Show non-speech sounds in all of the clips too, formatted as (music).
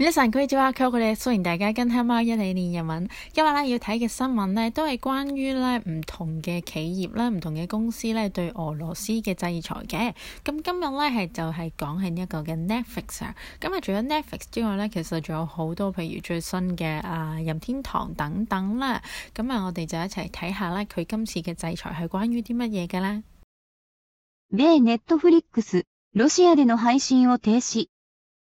呢一堂佢阿話：我哋雖然大家跟黑貓一嚟練日文，今日咧要睇嘅新聞呢，都係關於呢唔同嘅企業啦唔同嘅公司呢對俄羅斯嘅制裁嘅。咁今日呢，係就係講喺呢一個嘅 Netflix 上。咁啊，除咗 Netflix 之外呢，其實仲有好多，譬如最新嘅啊任天堂等等啦。咁啊，我哋就一齊睇下呢，佢今次嘅制裁係關於啲乜嘢嘅咧？米 Netflix，俄羅斯での配信を停止。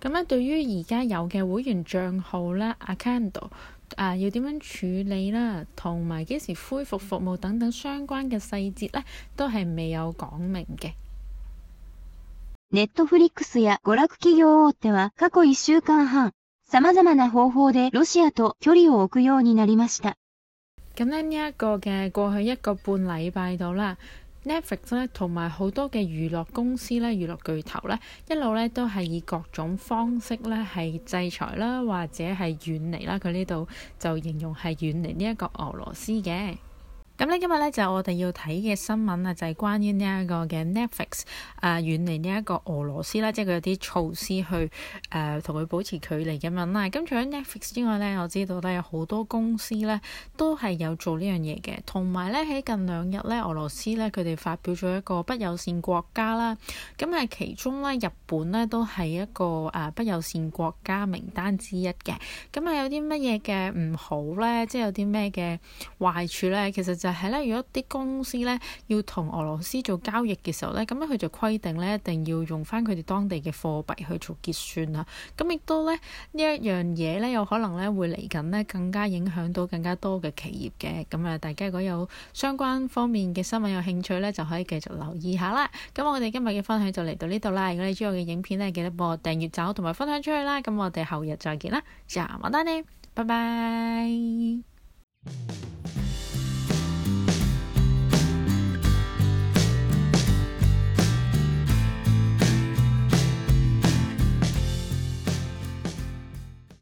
咁咧，對於而家有嘅會員帳號啦、account 誒、啊、要點樣處理啦，同埋幾時恢復服務等等相關嘅細節咧，都係未有講明嘅。Netflix や娯楽企業大手は過去1週間半、様々な方法でロシアと距離を置くようになりました。咁咧，呢一個嘅過去一個半禮拜度啦。Netflix 咧，同埋好多嘅娛樂公司咧，娛樂巨頭咧，一路咧都係以各種方式咧，係制裁啦，或者係遠離啦。佢呢度就形容係遠離呢一個俄羅斯嘅。咁呢今日咧就我哋要睇嘅新聞啊，就係關於呢一個嘅 Netflix 啊遠離呢一個俄羅斯啦，即係佢有啲措施去誒同佢保持距離咁樣啦。咁除咗 Netflix 之外咧，我知道咧有好多公司咧都係有做呢樣嘢嘅，同埋咧喺近兩日咧，俄羅斯咧佢哋發表咗一個不友善國家啦。咁誒其中咧日本咧都係一個誒不友善國家名單之一嘅。咁誒有啲乜嘢嘅唔好咧，即係有啲咩嘅壞處咧，其實就～係咧，如果啲公司咧要同俄羅斯做交易嘅時候咧，咁咧佢就規定咧，一定要用翻佢哋當地嘅貨幣去做結算啦。咁亦都咧呢一樣嘢咧，有可能咧會嚟緊咧更加影響到更加多嘅企業嘅。咁啊，大家如果有相關方面嘅新聞有興趣咧，就可以繼續留意下啦。咁我哋今日嘅分享就嚟到呢度啦。如果你中意我嘅影片咧，記得幫我訂閱、讚好同埋分享出去啦。咁我哋後日再見啦，揸晚單拜拜。 (music)